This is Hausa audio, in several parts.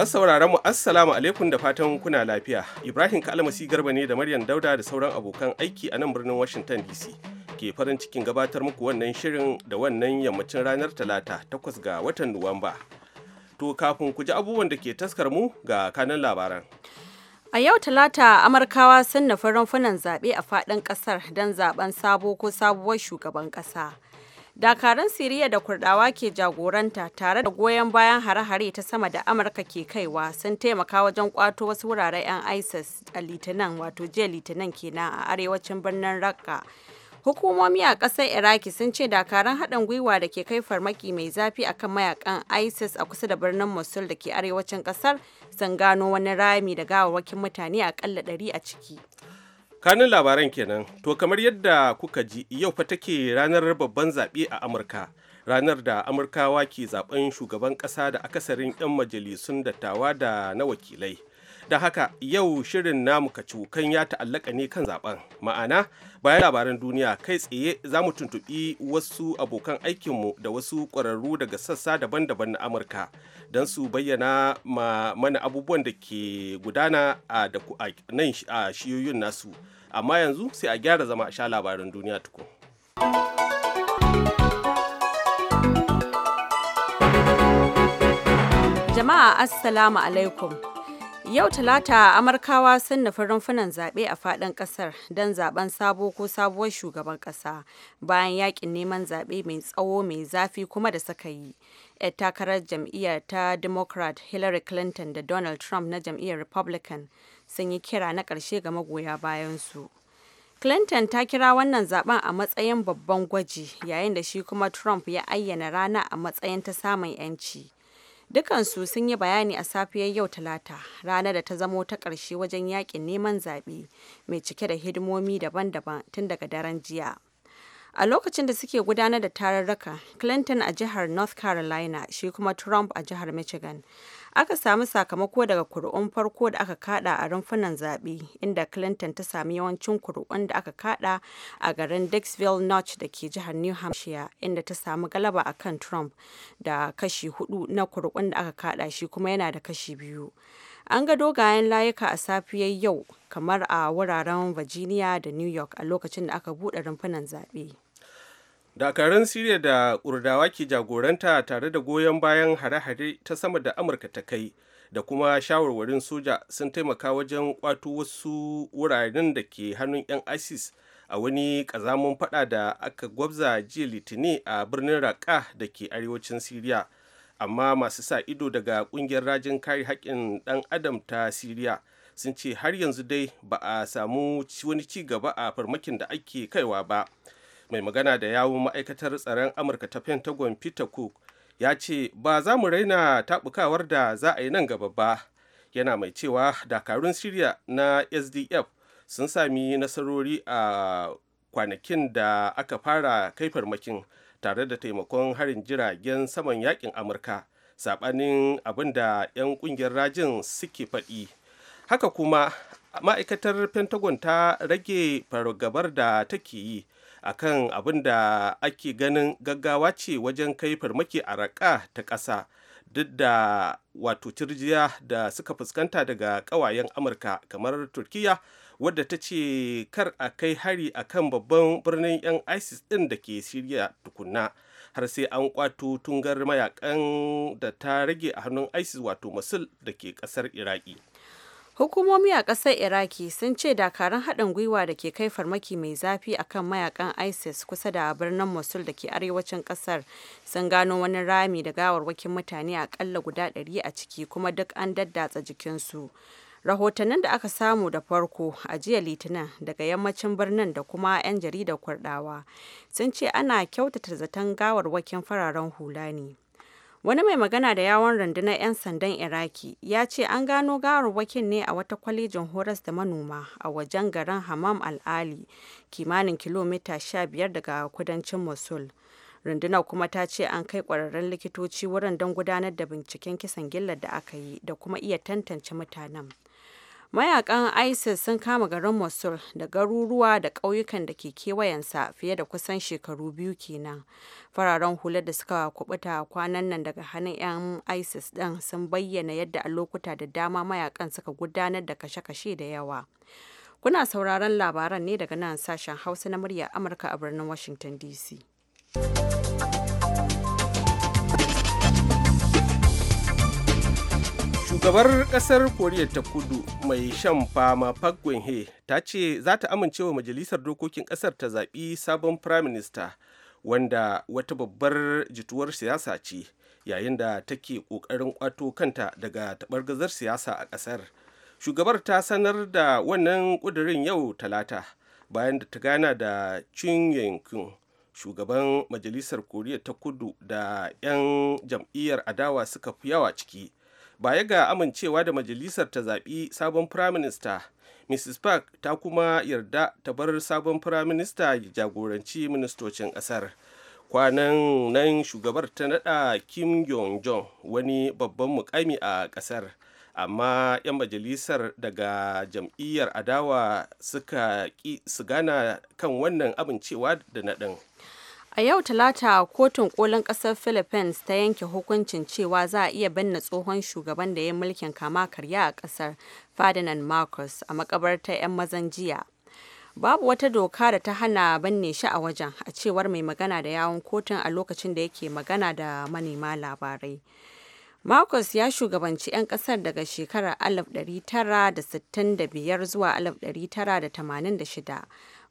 Masu sauraron mu assalamu alaikum da fatan kuna lafiya. Ibrahim Kalmasi Garba ne da Maryam Dauda da sauran abokan aiki a nan birnin Washington DC. Ke farin cikin gabatar muku wannan shirin da wannan yammacin ranar Talata takwas ga watan Nuwamba. To kafin ku ji abubuwan da ke taskar mu ga kanan labaran. A yau Talata Amurkawa sun nufi rumfunan zaɓe a faɗin ƙasar don zaɓen sabo ko sabuwar shugaban ƙasa. Dakaran Siriya da Kurdawa ke jagoranta tare da goyon bayan hare-hare ta sama da Amurka ke kaiwa sun taimaka wajen kwato wasu wurare 'yan ISIS a Litinin wato jiya Litinin kenan a arewacin birnin Raqqa. Hukumomi a kasar Iraki sun ce dakaran haɗin gwiwa da ke kai farmaki mai zafi akan mayakan ISIS a kusa da birnin Mosul da ke arewacin ƙasar sun gano wani rami da gawawakin mutane akalla ɗari a ciki. kanin labaran kenan to kamar yadda kuka ji yau fa take ranar babban zaɓe a amurka ranar da amurkawa ke zaben shugaban ƙasa da akasarin 'yan majalisun dattawa da na wakilai da haka yau shirin namu kacukan ya ta'allaka ne kan zaben ma'ana bayan labaran duniya kai tsaye za mu tuntuɓi wasu abokan aikinmu da wasu ƙwararru daga sassa daban-daban na amurka don su bayyana ma mana abubuwan da ke gudana a nan a shiyoyin nasu amma yanzu sai a gyara zama a sha labaran duniya tukun. jama'a assalamu alaikum Yau Talata Amurkawa sun nufi rumfunan zaɓe a faɗin ƙasar don zaɓen sabo ko sabuwar shugaban ƙasa bayan yakin neman zaɓe mai tsawo mai zafi kuma da suka yi. 'Yar takarar jam'iyyar ta Democrat Hillary Clinton da Donald Trump na jam'iyyar Republican sun yi kira na ƙarshe ga magoya bayansu. Clinton ta kira wannan zaben a matsayin babban gwaji yayin da shi kuma Trump ya ayyana rana a matsayin ta samun 'yanci. Dukansu sun yi bayani a safiyar yau Talata, ranar da ta zamo ta ƙarshe wajen yakin neman zaɓe mai cike da hidimomi daban-daban tun daga daren jiya. A lokacin da suke gudanar da tararraka, Clinton a jihar North Carolina, shi kuma Trump a jihar Michigan. aka samu sakamako daga kuri'un farko da aka kada a rumfunan zaɓe inda clinton ta sami yawancin kuri'un da aka kada a garin dixville notch da ke jihar new hampshire inda ta samu galaba a kan trump da kashi hudu na kuri'un da aka kada shi kuma yana da kashi biyu an ga dogayen layuka a safiyar yau kamar a wuraren virginia da new york a lokacin da aka buɗe rumfunan zaɓe dakarun siriya da kurdawa ke jagoranta tare da goyon bayan hare-hare ta sama da amurka ta kai da kuma shawarwarin soja sun taimaka wajen kwato wasu wuraren da ke hannun 'yan isis a wani kazamun fada da aka gwabza jiya litinin a birnin raqqa da ke arewacin siriya amma masu sa ido daga kungiyar rajin kare haƙƙin ɗan adam ta siriya sun ce har yanzu dai ba a samu wani ci gaba a farmakin da ake kaiwa ba mai magana da yawun ma'aikatar tsaron amurka ta pentagon peter cook ya ce ba za mu raina taɓukawar da za a yi nan gaba ba yana mai cewa dakarun siriya na sdf sun sami nasarori a kwanakin da aka fara kai farmakin tare da taimakon harin jiragen saman yakin amurka sabanin abin da 'yan ƙungiyar rajin suke faɗi haka kuma ma'aikatar pentagon ta rage fargabar da take yi a kan abin da ake ganin gaggawa ce wajen kai farmaki a raƙa ta ƙasa duk da wato turjiya da suka fuskanta daga ƙawayen amurka kamar turkiya wadda ta ce kar a kai hari a kan babban birnin 'yan isis ɗin da ke shirya tukunna har sai an kwato tungar mayakan da ta rage a hannun isis wato masul da ke ƙasar iraki Hukumomi a ƙasar Iraki sun ce dakarun haɗin gwiwa da ke kai farmaki mai zafi a kan mayakan ISIS kusa da birnin Mosul da ke arewacin ƙasar sun gano wani rami da gawarwakin mutane akalla guda ɗari a ciki kuma duk an daddatsa jikinsu. Rahotannin da aka samu da farko a jiya Litinin daga yammacin birnin da kuma 'yan jaridar kurɗawa sun ce ana kyautata zaton gawarwakin fararen hula ne. Wani mai magana da yawon rundunar 'yan sandan Iraki ya ce an gano gawarwakin ne a wata kwalejin horas da manoma a wajen garin Hammam al'ali, kimanin kilomita 15 daga kudancin Mosul. Rundunar kuma ta ce an kai kwararren likitoci wurin don gudanar da binciken kisan gillar da aka yi da kuma iya tantance mutanen. Mayakan ISIS sun kama garin Mosul da garuruwa da ƙauyukan da ke kewayensa fiye da kusan shekaru biyu kenan. Fararen hular da suka kubuta kwanan nan daga hannun 'yan ISIS ɗin sun bayyana yadda a lokuta da dama mayakan suka gudanar da kashe-kashe da yawa. Kuna sauraron labaran ne daga nan sashen Hausa na muryar Amurka a birnin Washington DC. shugabar kasar koriya ta kudu mai shan fama park geun ta ce za ta amince wa majalisar dokokin kasar ta zaɓi sabon prime minister wanda wata babbar jituwar siyasa ce yayin da take ƙoƙarin ƙwato kanta daga taɓargazar siyasa a ƙasar shugabar ta sanar da wannan ƙudurin yau talata bayan da ta gana da chin yankin shugaban majalisar koriya ta kudu da 'yan jam'iyyar adawa suka fi yawa ciki baya ga amincewa da majalisar ta zaɓi sabon firaminista mrs park ta kuma yarda ta bar sabon firaminista ya jagoranci ministocin ƙasar kwanan nan shugabar ta naɗa kim yong jong wani babban mukami a ƙasar amma 'yan majalisar daga jam'iyyar adawa suka ƙi su gana kan wannan amincewa da naɗin. A yau Talata kotun kolin kasar Philippines ta yanke hukuncin cewa za a iya binne tsohon shugaban da ya mulkin kama karya a kasar Ferdinand Marcos a makabartar 'yan mazan jiya. Babu wata doka da ta hana binne shi a wajen a cewar mai magana da yawon kotun a lokacin da yake magana da manema labarai. Marcos ya shugabanci 'yan kasar daga shekarar 1965 zuwa 1986.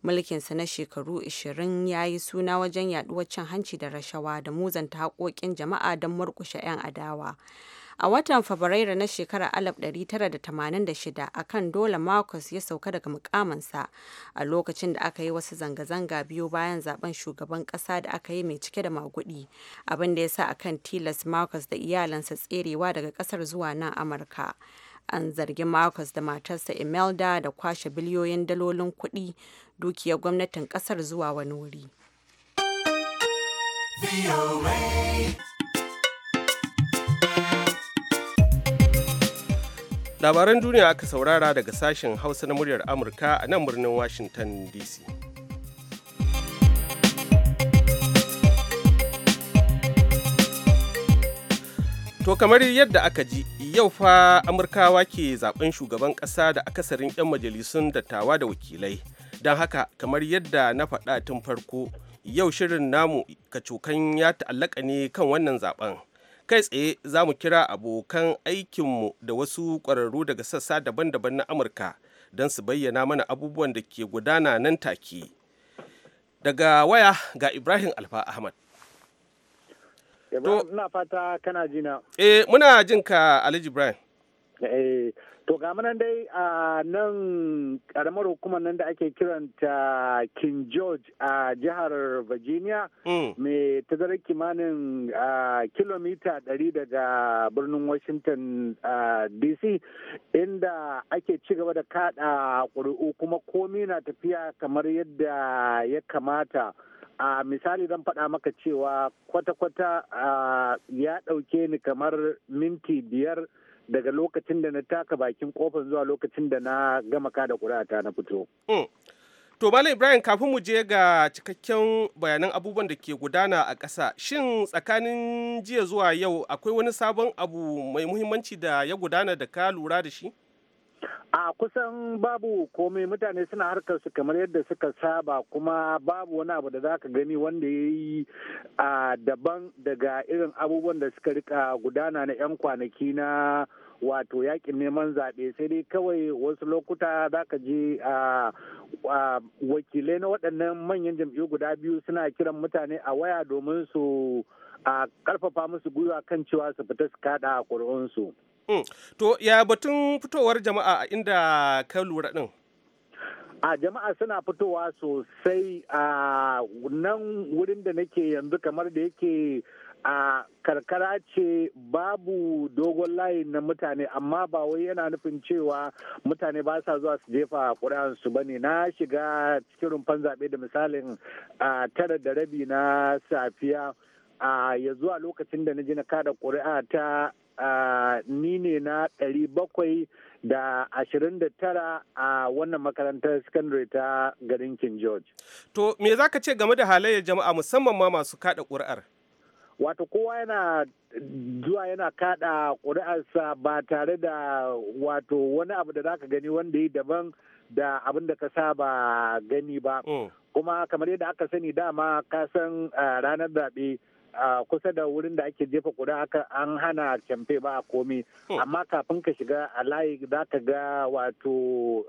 mulkinsa na shekaru 20 ya yi suna wajen yaduwar cin hanci da rashawa da muzanta haƙoƙin jama'a don murkushe 'yan adawa. A watan Fabrairu na shekarar 1986 a kan dole Marcus ya sauka daga mukaminsa a lokacin da aka yi wasu zanga-zanga biyu bayan zaben shugaban kasa da aka yi mai cike da magudi abinda ya sa a kan tilas Marcus da iyalansa tserewa daga kasar zuwa nan Amurka. an zargi marcus da matarsa imelda da kwashe biliyoyin dalolin kuɗi dukiya gwamnatin ƙasar zuwa wani wuri labaran duniya aka saurara daga sashen hausa na muryar amurka a nan birnin washington dc To kamar yadda aka ji yau fa Amurkawa ke zaben shugaban ƙasa da akasarin 'yan majalisun dattawa da wakilai. Don haka kamar yadda na faɗa tun farko yau shirin namu kacokan ya ta'allaka ne kan wannan zaben. Kai tsaye za mu kira abokan aikinmu da wasu ƙwararru daga sassa daban-daban na Amurka don su bayyana mana abubuwan da ke gudana nan take. Daga waya ga Ibrahim Alfa Ahmad. Ibrahim na fata kana jina. Eh muna jin ka Aliji Ibrahim. Eh to ga nan dai a nan karamar hukumar nan da ake kiranta King George a jihar Virginia mai hmm. tazara kimanin kilomita 100 daga birnin Washington DC inda ake ci gaba da kaɗa ƙuri'u kuma komi na tafiya kamar yadda ya kamata. a misali zan faɗa maka cewa kwata-kwata ya ɗauke ni kamar minti biyar daga lokacin da na taka bakin kofar zuwa lokacin da na gama kada ƙuri'ata na fito. To Bala Ibrahim kafin mu je ga cikakken bayanan abubuwan da ke gudana a ƙasa, shin tsakanin jiya zuwa yau akwai wani sabon abu mai muhimmanci da ya gudana da ka lura da shi? a kusan babu komai mutane suna harkar su kamar yadda suka saba kuma babu wani abu da zaka gani wanda ya yi a daban daga irin abubuwan da suka rika gudana na 'yan kwanaki na wato yakin neman zaɓe sai dai kawai wasu lokuta za ka je a wakilai na waɗannan manyan jam'iyyu guda biyu suna kiran mutane a waya domin su a ƙarfafa musu gwiwa kan cewa su fita su kaɗa a ƙuri'unsu. Mm. To ya batun fitowar jama'a a inda ka lura din? a jama'a suna fitowa sosai a nan wurin da nake yanzu kamar da yake a karkara ce babu dogon layi na mutane amma ba wai yana nufin cewa mutane ba sa zuwa su jefa ƙuri'ansu ba ne na shiga cikin rumfan zaɓe da misalin tara da rabi na safiya ya zuwa lokacin da na ji na kada ƙuri'a ta ni ne na ɗari bakwai da ashirin da tara a wannan makarantar sakandare ta garin King George. To me za ka ce game da halayyar jama'a musamman ma masu kaɗa ƙuri'ar? Wato kowa yana zuwa yana kaɗa ƙuri'arsa ba tare da wato wani abu da za ka gani wanda yi daban da abin da ka saba gani ba. Mm. Kuma kamar yadda aka sani dama ka san eh, ranar zaɓe. kusa da wurin da ake jefa ƙuri'a an hana kyamfe ba a komi oh. amma kafin ka shiga a layi za ka ga wato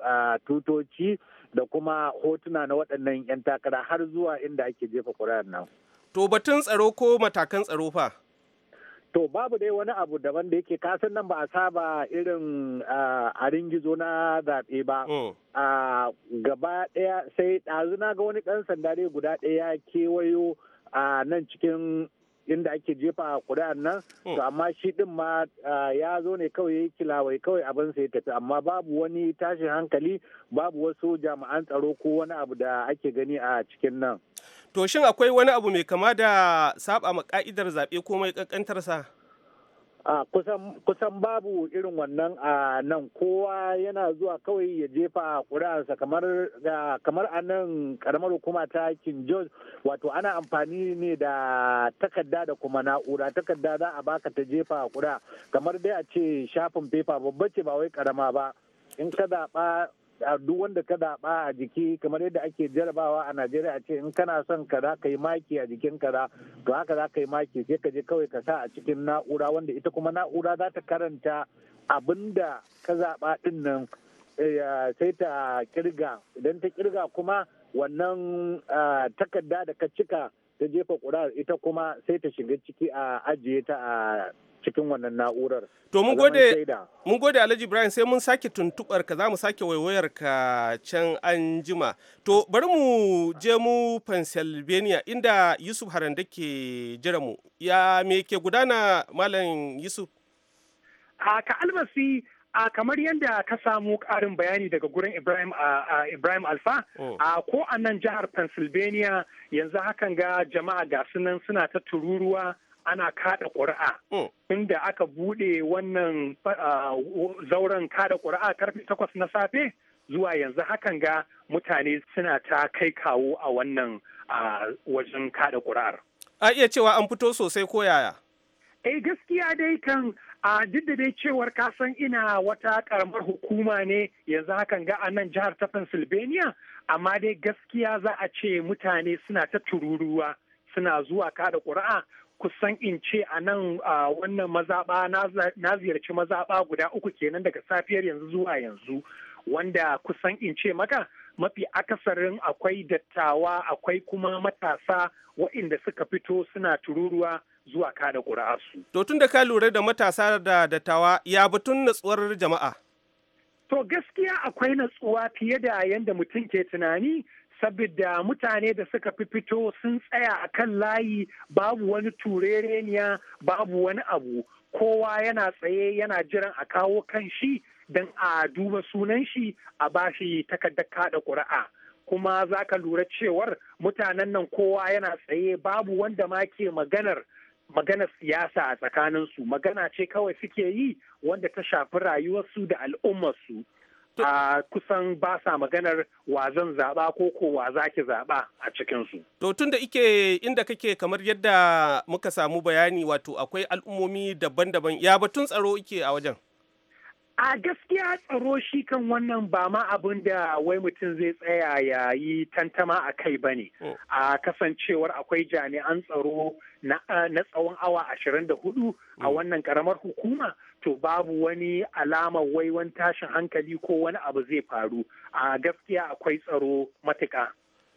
tutoci da kuma hotuna na waɗannan 'yan takara har zuwa inda ake jefa ƙura nan. To batun tsaro ko matakan tsaro fa? to babu dai wani abu daban da yake kasan nan ba a saba irin a ringizo na zaɓe ba oh. a gaba ɗaya sai ɗazu na ga wani ɗan sanda dai guda ɗaya kewayo a nan cikin inda ake jefa a kuri'an nan to hmm. amma shi din ma ya zo ne kawai ya yi kilawai kawai abin sai tafi amma babu wani tashin hankali babu wasu jami'an tsaro ko wani abu da ake gani a cikin nan to shin akwai wani abu mai kama da saba ma ka'idar zaɓe ko mai sa kusan babu irin wannan a nan kowa yana zuwa kawai ya jefa ƙuri'arsa kamar a nan karamar hukuma ta king george wato ana amfani ne da takarda da kuma na'ura takarda za a baka ta jefa ƙuri'a kamar dai a ce shafin fefa babba ce ba wai karama ba in ka zaɓa duk wanda ka zaɓa a jiki kamar yadda ake jarabawa a najeriya a ce in kana son ka za ka yi maki a jikin kaza to haka za ka yi maki sai ka je kawai ka sa a cikin na'ura wanda ita kuma na'ura za ta karanta abin da ka zaɓa ɗin nan eh, sai ta kirga idan ta kirga kuma wannan takarda da ka cika ta jefa ƙuri'ar ita kuma sai ta shiga ciki a ajiye ta a cikin wannan na'urar. To mun gode mun gode Alhaji Ibrahim sai mun sake tuntubar ka mu sake waiwayar ka can an jima. To bari mu je mu Pennsylvania inda Yusuf Haranda ke jira mu. Ya me ke gudana Malam Yusuf? A ka almasi a kamar yadda ka samu karin bayani daga gurin ibrahim ibrahim alfa oh. a ko a nan jihar pennsylvania yanzu hakan ga jama'a ga sunan suna ta tururuwa ana kada ƙuri'a. Oh. Inda aka buɗe wannan uh, zauren kada ƙuri'a karfe takwas na safe zuwa yanzu hakan ga mutane suna ta kai kawo a wannan uh, wajen kada ƙuri'ar. A iya cewa an fito sosai ko yaya? Eh gaskiya dai kan a duk da dai cewar kasan ina wata karamar hukuma ne yanzu hakan ga nan jihar ta Pennsylvania amma dai gaskiya za a ce mutane suna ta tururuwa suna zuwa kada ƙuri'a kusan in ce a nan wannan mazaɓa na ziyarci mazaɓa guda uku kenan daga safiyar yanzu zuwa yanzu wanda kusan in ce maka mafi akasarin akwai dattawa akwai kuma matasa waɗanda suka fito suna tururuwa zuwa kada ƙura'arsu. To tun da ka lura da matasa da dattawa ya batun natsuwar jama'a? To gaskiya akwai natsuwa fiye da yadda mutum ke tunani saboda mutane da suka fi fito sun tsaya a kan layi babu wani turereniya babu wani abu kowa yana tsaye yana jiran a kawo kan shi don a duba sunan shi a bashi takardar kada ƙuri'a kuma za ka lura cewar mutanen nan kowa yana tsaye babu wanda ma ke maganar magana siyasa a tsakaninsu magana ce kawai suke yi wanda ta shafi rayuwarsu da al'ummarsu. a kusan ba sa maganar wa zan zaɓa ko ko wa za ki zaɓa a cikinsu. To tun da ike inda kake kamar yadda muka samu bayani wato akwai al'ummomi daban-daban ya batun tsaro ike a wajen. A gaskiya tsaro shi kan wannan ba ma abin da wai mutum zai tsaya ya yi tantama a kai ba ne. Hmm. A kasancewar akwai jami'an tsaro na tsawon awa 24 a hmm. wannan karamar hukuma. to babu wani alamar wai wani tashin hankali ko wani abu zai faru a gaskiya akwai tsaro matuƙa.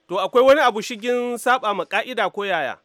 To akwai wani abu shigin saba ma ka'ida ko yaya?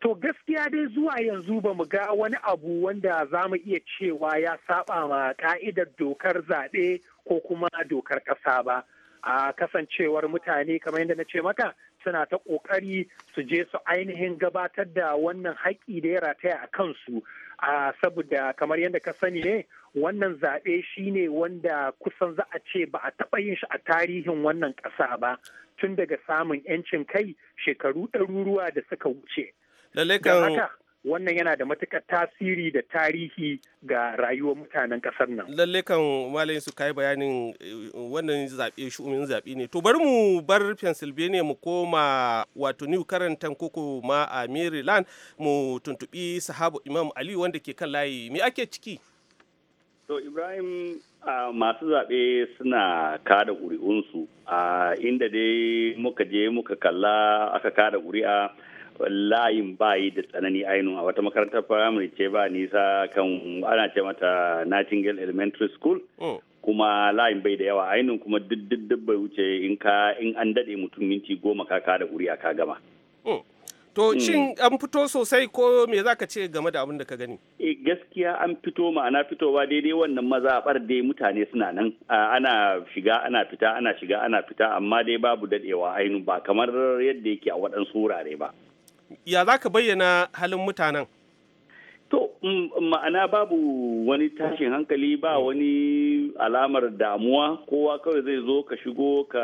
To gaskiya dai zuwa yanzu ba mu ga wani abu wanda za mu iya cewa ya saba ma ka'idar dokar zaɓe ko kuma dokar ƙasa ba. A kasancewar mutane kamar yadda na ce maka suna ta ƙoƙari su je su ainihin gabatar da wannan haƙƙi da ya rataya a kansu a saboda kamar yadda ka sani ne wannan zaɓe shine wanda kusan za a ce ba a taɓa yin shi a tarihin wannan ƙasa ba tun daga samun 'yancin kai shekaru ɗaruruwa da suka wuce. wannan yana da matukar tasiri da tarihi ga rayuwar mutanen ƙasar nan. Lalle kan malayin su kai bayanin eh, wannan zaɓe shi zaɓe ne. To bari mu bar Pennsylvania mu koma wato New Karantan koko ma a Maryland mu tuntuɓi sahabu Imam Ali wanda ke kan layi. Me ake ciki? To Ibrahim masu zaɓe suna kada ƙuri'unsu a inda dai muka je muka kalla aka kada ƙuri'a. layin bayi da tsanani ainihin a wata makarantar firamare ce ba nisa kan ana ce mata Nightingale Elementary School. Oh. kuma layin bai da yawa ainihin kuma duk bai wuce in an dade mutum minti goma ka ka da kuri'a ka gama. Oh. To hmm. shin an fito sosai ko me za ka ce game da abin da ka gani? E gaskiya an fito fito fitowa daidai wannan mazaɓar dai mutane suna nan ana shiga ana fita ana shiga ana fita amma dai babu daɗewa ainihin ba kamar yadda yake a waɗansu wurare ba. ya za ka bayyana halin mutanen To, mm, ma'ana babu wani tashin hankali ba mm. wani alamar damuwa kowa kawai zai zo ka shigo ka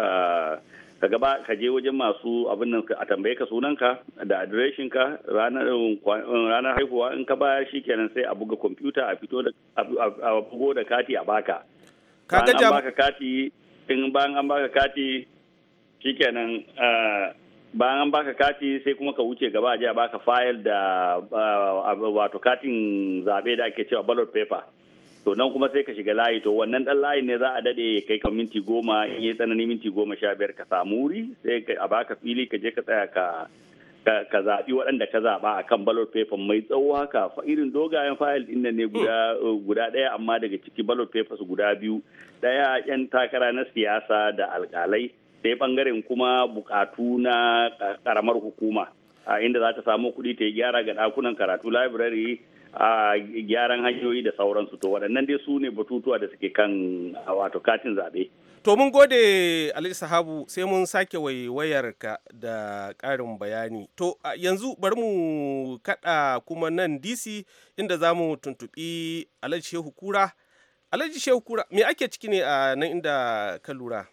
ka gaba ka je wajen masu abin nan a tambaye ka sunanka da adireshin ka ranar ranar haihuwa in ka shi kenan sai a buga kwamfuta a fito da a bugo da kati a baka ka ga jam'a baka kati in bayan an baka kati ah, bayan an baka kati sai kuma ka wuce gaba a baka fayil da uh, wato katin zaɓe da ake cewa ballot paper to nan kuma sai ka shiga layi to wannan dan layi ne za a dade kai ka minti goma in yi tsanani minti goma sha biyar ka samu wuri sai a baka fili ka je ka tsaya ka ka zaɓi waɗanda ka zaɓa a kan ballot paper mai tsawo haka irin dogayen fayil ɗin ne guda guda ɗaya amma daga ciki ballot papers guda biyu ɗaya 'yan takara na siyasa da alƙalai sai bangaren kuma bukatu na karamar hukuma a inda za ta samu kuɗi ta yi gyara ga ɗakunan karatu library a gyaran hanyoyi da sauransu to waɗannan dai su ne batutuwa da suke kan wato katin zaɓe. to mun gode alhaji sahabu sai mun sake ka da karin bayani to yanzu bari mu kaɗa kuma nan dc inda za mu tuntuɓi alhaji shehu kura alhaji shehu kura me ake ciki ne a nan inda ka lura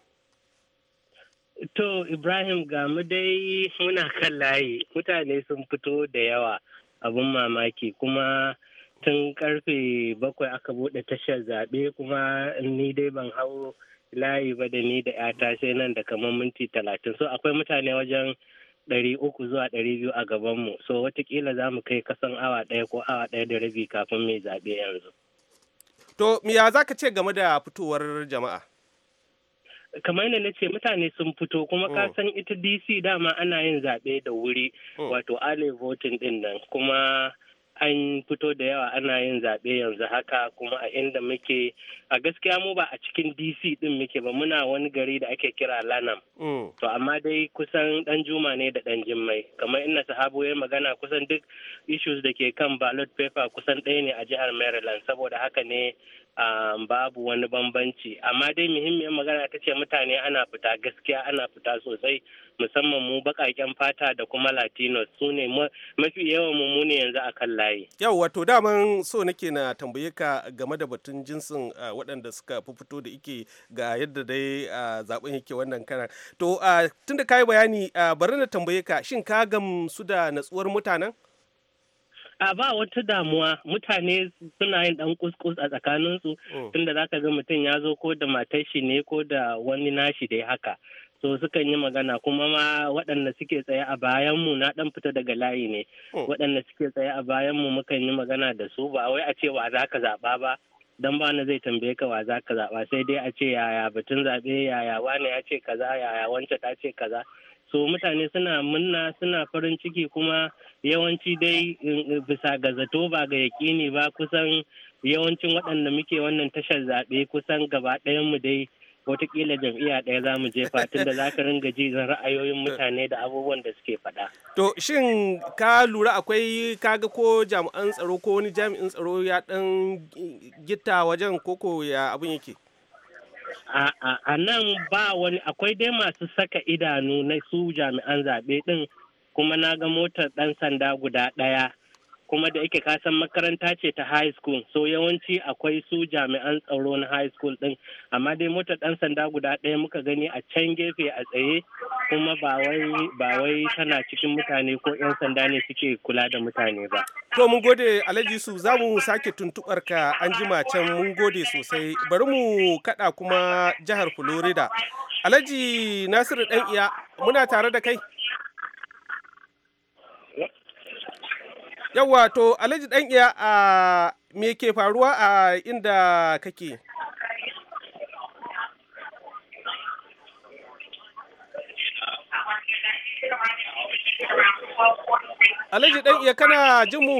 To Ibrahim ga mu dai muna kan layi mutane sun fito da yawa abin mamaki kuma tun karfe bakwai aka bude tashar zaɓe kuma ni dai ban hau layi ba da ni da yata sai nan da kamar minti talatin so akwai mutane wajen ɗari uku zuwa ɗari biyu a gabanmu so watakila za mu kai kasan awa ɗaya ko awa ɗaya da rabi kafin mai zaɓe yanzu. To, ya za ka ce game da fitowar jama'a? kamar yadda na ce mutane sun fito kuma ka mm. san ita dc dama ana yin zaɓe da wuri mm. wato early voting din nan kuma an fito da yawa ana yin zaɓe yanzu haka kuma a inda muke a gaskiya mu ba a cikin dc din muke ba muna wani gari da ake kira lanam mm. to amma dai kusan dan juma ne da dan jimmai kamar ina sahabo ya magana kusan duk issues da ke kan ballot paper kusan ɗaya ne a jihar maryland saboda haka ne Um, babu wani bambanci amma dai muhimmiyar magana ta ce mutane ana fita gaskiya ana fita sosai musamman mu baƙaƙen fata da kuma latinos su ne mafi yawan mu ne yanzu a kan layi yau wato daman so nake na tambaye ka game da batun jinsin uh, waɗanda suka fito da ike ga yadda dai uh, zaben yake wannan kana to uh, tunda kayi bayani uh, bari na tambaye ka shin ka gamsu da natsuwar mutanen a ba wata damuwa mutane suna yin dan kuskus a tsakaninsu oh. tunda za ka ga mutum ya zo ko da matar shi ne ko da wani nashi dai haka so sukan yi magana kuma ma waɗanda suke tsaye a bayanmu na ɗan fita daga layi ne oh. waɗanda suke tsaye a bayanmu mukan yi magana da su ba wai a ce wa za ka zaɓa ba dan ba na zai tambaye ka wa za ka zaɓa sai dai a ce yaya batun zaɓe yaya wane ya ce kaza yaya wancan ta ce kaza so mutane suna munna suna farin ciki kuma yawanci dai bisa ga zato ba ga yakini ba kusan yawancin waɗanda muke wannan tashar zaɓe kusan gaba mu dai watakila jam'iyya ɗaya za mu jefa tun da za ka ringa ji ra'ayoyin mutane da abubuwan da suke faɗa. To shin ka lura akwai kaga ko jami'an tsaro ko wani jami'in tsaro ya ɗan gita wajen koko ya abun yake? A nan ba wani akwai dai masu saka idanu na su jami'an zaɓe ɗin kuma na ga motar ɗan sanda guda ɗaya kuma da yake kasan makaranta ce ta high school so yawanci akwai su jami'an tsaro na high school din amma dai motar ɗan sanda guda ɗaya muka gani a can gefe a tsaye kuma ba wai tana cikin mutane ko yan sanda ne suke kula da mutane ba to mun gode alhaji su za mu sake tuntubar ka an jima can mun gode sosai bari mu kaɗa kuma jihar florida alhaji nasiru dan iya muna tare da kai Yawwa to Alhaji dan iya a me ke faruwa a inda kake? Alhaji dan iya kana jin mu?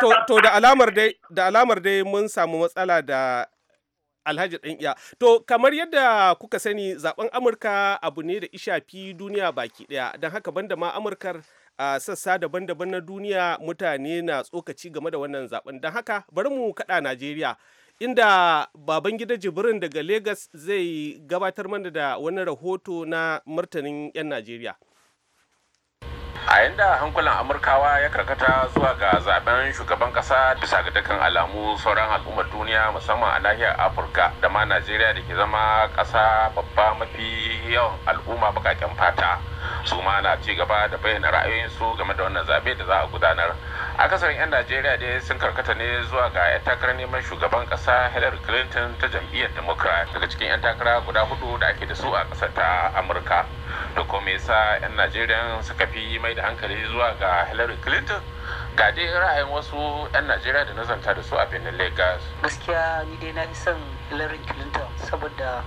To, to da alamar dai da alamar dai mun samu matsala da alhaji dan iya to kamar yadda kuka sani zaben amurka abu ne da ishafi duniya baki ɗaya don haka banda ma amurkar a sassa daban-daban na duniya mutane na tsokaci game da wannan zaben don haka bari mu kada najeriya inda baban gida jibrin daga lagos zai gabatar mana da wani rahoto na martanin 'yan najeriya a yanda hankulan amurkawa ya karkata zuwa ga zaben shugaban kasa bisa ga dukkan alamu sauran al'ummar duniya musamman a nahiyar afirka da ma najeriya da ke zama kasa babba mafi yawan al'umma bakaken fata su ma na ci gaba da bayyana ra'ayoyinsu game da wannan zaɓe da za a gudanar a kasar 'yan najeriya dai sun karkata ne zuwa ga 'yan takarar neman shugaban kasa hillary clinton ta jam'iyyar democrat daga cikin 'yan takara guda hudu da ake da su a ƙasar ta amurka da kuma yasa 'yan najeriya suka fi mai da hankali zuwa ga hillary clinton ga dai ra'ayin wasu 'yan najeriya da nazanta da su a benin lagos gaskiya ni dai na fi son hillary clinton saboda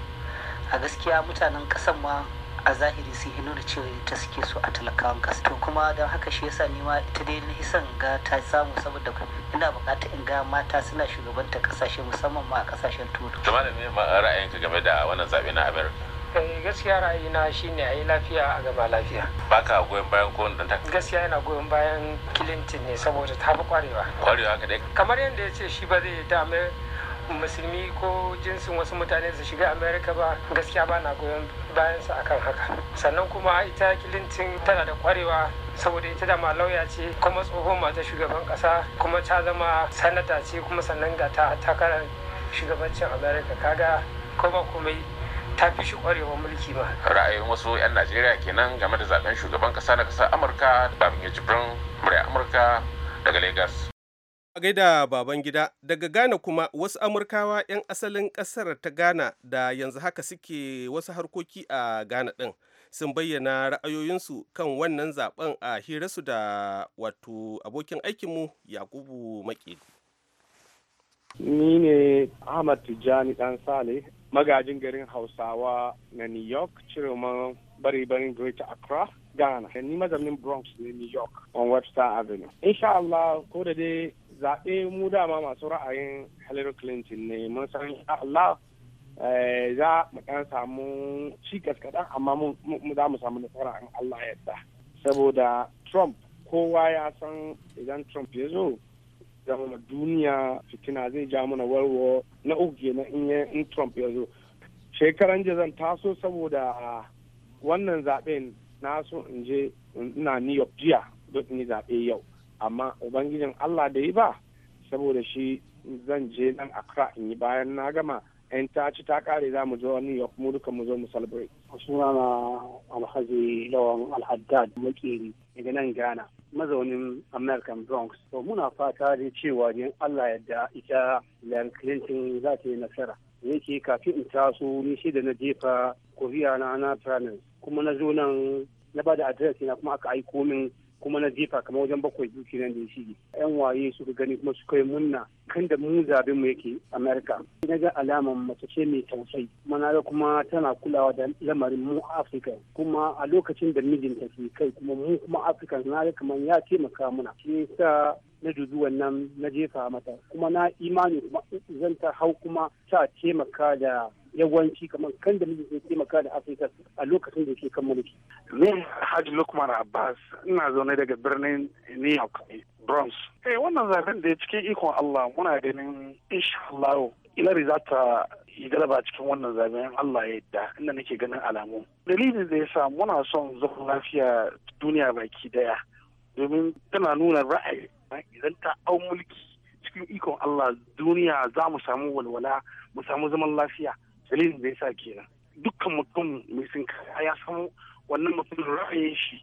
a gaskiya mutanen ƙasar ma a zahiri sai ya nuna cewa ta suke so a talakawan kasa to kuma don haka shi yasa ni ma ita dai na hisan ga ta samu saboda ina bukata in ga mata suna shugabanta kasashe musamman ma a kasashen turai kuma da me ra'ayinka game da wannan zaɓe na america eh, gaskiya ra'ayina shine a yi lafiya a gaba lafiya baka goyon bayan ko dan gaskiya yana goyon bayan clinton ne saboda ta fi kwarewa kwarewa kadai kamar yadda ya ce shi ba zai dame musulmi ko jinsin wasu mutane su shiga Amerika ba gaskiya ba na goyon bayansa akan haka sannan kuma ita Kilintin tana da kwarewa saboda ita dama lauya ce kuma tsohon mata shugaban kasa kuma ta zama sanata ce kuma sannan ga ta takarar shugabancin Amerika kaga kuma komai ta fi shi kwarewa mulki ba ra'ayin wasu 'yan najeriya kenan game da zaben shugaban kasa na kasar amurka da babin ya jibrin murya amurka daga lagos A gaida baban gida daga Ghana kuma wasu Amurkawa 'yan asalin ƙasar ta Ghana da yanzu haka suke wasu harkoki a Ghana ɗin sun bayyana ra'ayoyinsu kan wannan zaben a hirarsu da wato abokin aikinmu Yakubu Makeri. Ni ne Ahmad Tijjani Dan Sale, magajin garin Hausawa na New York, cireman bari-barin Greater Accra. Ghana ni mazaunin Bronx ne New York on Webster Avenue. Insha Allah ko da dai zaɓe mu dama masu ra'ayin Hillary Clinton ne mun san Allah eh, za mu ɗan samu ci kaskadan amma mu za mu samu nasara in Allah yadda saboda Trump kowa ya san idan Trump ya zo zama duniya fitina zai ja mana warwa na uku na in in Trump ya zo shekaran zan taso saboda wannan zaɓen na so in je ina New York jiya don in yi zaɓe yau amma ubangijin allah da yi ba saboda shi zan je nan accra in yi bayan na gama yan ta ci ta kare za mu zo new york mu duka mu zo mu celebrate suna na alhaji lawan alhaddad makeri daga nan ghana mazaunin american bronx to muna fata da cewa ne allah yadda ita hillary clinton za ta yi nasara yake kafin in taso ni shi da na jefa koriya na na kuma na zo nan na ba da adres na kuma aka aiko min kuma na jefa kamar wajen bakwai duki nan da ya shige yan waye suka gani kuma suka yi munna kan da mu zabe mu yake amerika ina ga alaman mace ce mai tausayi mana ga kuma tana kulawa da lamarin mu afirka kuma a lokacin da mijinta ke kai kuma mu kuma afirka na ga kamar ya taimaka muna shi yasa na dubi wannan na jefa mata kuma na imani kuma zan ta hau kuma ta taimaka da yawanci kamar kan da muke taimaka da afirka a lokacin da ke kan mulki. ne hajji lukman abbas ina zaune daga birnin new york bronx eh wannan zaben da cikin ikon allah muna ganin insha allahu ilari za ta yi galaba cikin wannan zaben allah ya yadda inda nake ganin alamu dalilin da ya sa muna son zaman lafiya duniya baki daya domin tana nuna ra'ayi idan ta au mulki cikin ikon Allah duniya za mu samu walwala mu samu zaman lafiya dalilin da yasa kenan dukkan mutum mai sun ya samu wannan mutum ra'ayin shi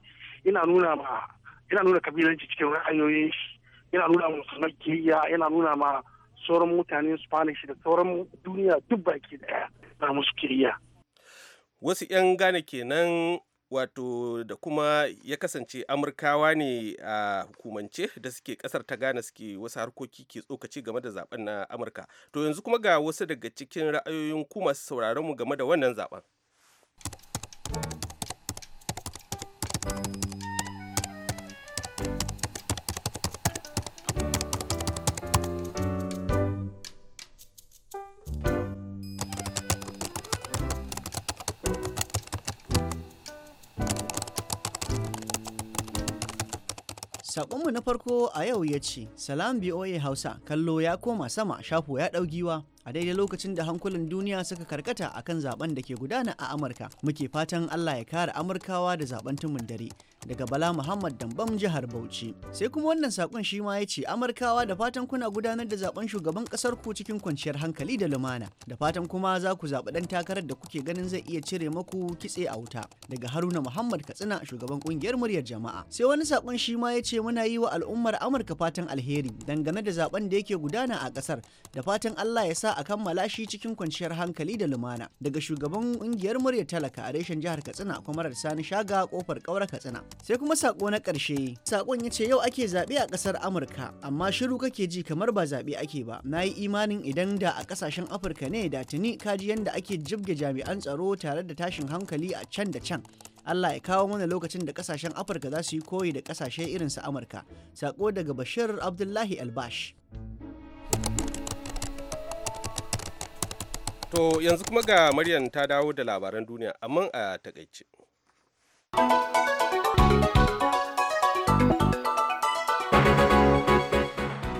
yana nuna ma yana nuna kabilanci cikin ra'ayoyin shi yana nuna ma musulman kiriya yana nuna ma sauran mutane spanish da sauran duniya duk baki daya na musu kiriya wasu 'yan gane kenan wato da kuma ya kasance amurkawa ne a hukumance da suke kasar ta gane suke wasu harkoki ke tsokaci game da zaben na amurka to yanzu kuma ga wasu daga cikin ra'ayoyin kuma sauraron mu game da wannan zaben Saƙonmu na farko a yau ya ce, Salam BOA Hausa, kallo ya koma sama, shafo ya ɗau giwa. a daidai lokacin da hankulan duniya suka karkata akan zaben da ke gudana a amurka muke fatan allah ya kare amurkawa da zaben tumun dare daga Bala Muhammad Dambam jihar Bauchi. Sai kuma wannan sakon shi ma ya ce Amurkawa da fatan kuna gudanar da zaben shugaban kasar ku cikin kwanciyar hankali da lumana. Da fatan kuma za ku zaɓi ɗan takarar da kuke ganin zai iya cire maku kitse a wuta. Daga Haruna Muhammad Katsina shugaban kungiyar muryar jama'a. Sai wani sakon shi ma ya ce muna yi wa al'ummar Amurka fatan alheri dangane da zaben da yake gudana a kasar da fatan Allah ya sa a kammala shi cikin kwanciyar hankali da lumana. Daga shugaban kungiyar muryar talaka a reshen jihar Katsina kwamarar Sani Shaga kofar kaura Katsina. sai kuma sako na ƙarshe sakon ya ce yau ake zaɓe a ƙasar amurka amma shiru kake ji kamar ba zaɓe ake ba na yi imanin idan da a ƙasashen afirka ne da tuni kaji yadda ake jibge jami'an tsaro tare da tashin hankali a can da can Allah ya kawo mana lokacin da kasashen Afirka za su yi koyi da kasashe irin su Amurka. Sako daga Bashir Abdullahi Albash. To yanzu kuma ga Maryam ta dawo da labaran duniya amma a takaice.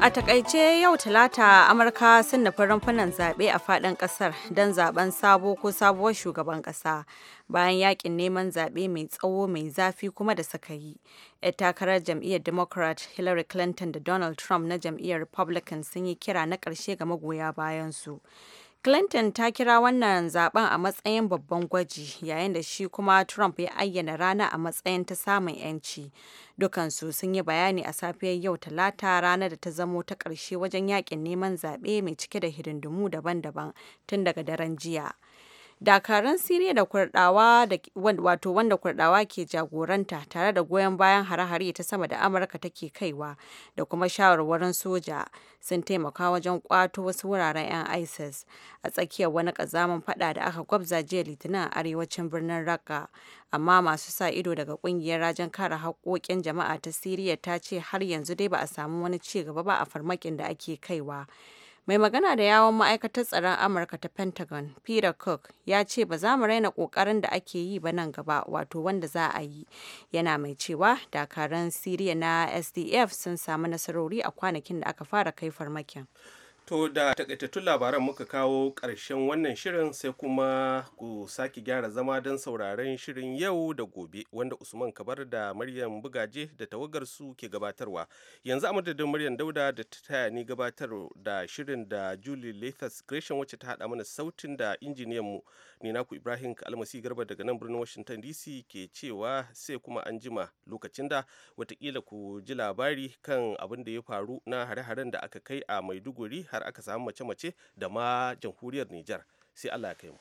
A takaice yau talata Amurka sun nufi rumfunan zaɓe a faɗin ƙasar don zaɓen sabo ko sabuwar shugaban ƙasa bayan yakin neman zaɓe mai tsawo mai zafi kuma da suka yi. 'Yan takarar jam'iyyar Democrat Hillary Clinton da Donald Trump na jam'iyyar Republican sun yi kira na ƙarshe ga magoya bayansu. su. Clinton ta kira wannan zaben a matsayin babban gwaji, yayin da shi kuma Trump ya ayyana rana a matsayin ta samun 'yanci. Dukansu sun yi bayani a safiyar yau Talata, rana da ta zamo ta ƙarshe wajen yakin neman zaɓe mai cike da hidindimu daban-daban tun daga daren jiya. dakaran siriya da kurdawa wato wanda kurdawa ke jagoranta tare da goyon bayan hare-hare ta sama da amurka take kaiwa da kuma shawarwarin soja sun taimaka wajen kwato wasu wuraren 'yan isis a tsakiyar wani kazaman fada da aka gwabza jiya litinin a arewacin birnin raqqa amma masu sa ido daga kungiyar rajin kare haƙoƙin jama'a ta siriya ta ce har yanzu dai ba a samu wani ci gaba ba a farmakin da ake kaiwa Mai magana da yawon Ma'aikatar Tsaron Amurka ta Pentagon, Peter Cook, ya ce ba za mu raina ƙoƙarin da ake yi ba nan gaba, wato wanda za a yi. Yana mai cewa dakaran Siriya na SDF sun samu nasarori a kwanakin da aka fara kai farmakin. To da takaitattun labaran muka kawo ƙarshen wannan shirin sai kuma ku sake gyara zama don sauraren shirin yau da gobe wanda Usman Kabar da Maryam Bugaje da tawagarsu ke gabatarwa. Yanzu a madadin Maryam Dauda da ta taya ni gabatar da shirin da Julie Lathas Gresham wacce ta haɗa mana sautin da injiniyanmu ni naku ibrahim almasi garba daga nan birnin washington dc ke cewa sai kuma an jima lokacin da watakila ku ji labari kan abin da ya faru na hare-haren da aka kai a maiduguri har aka samu mace-mace da ma jamhuriyar nijar sai allah ya kai mu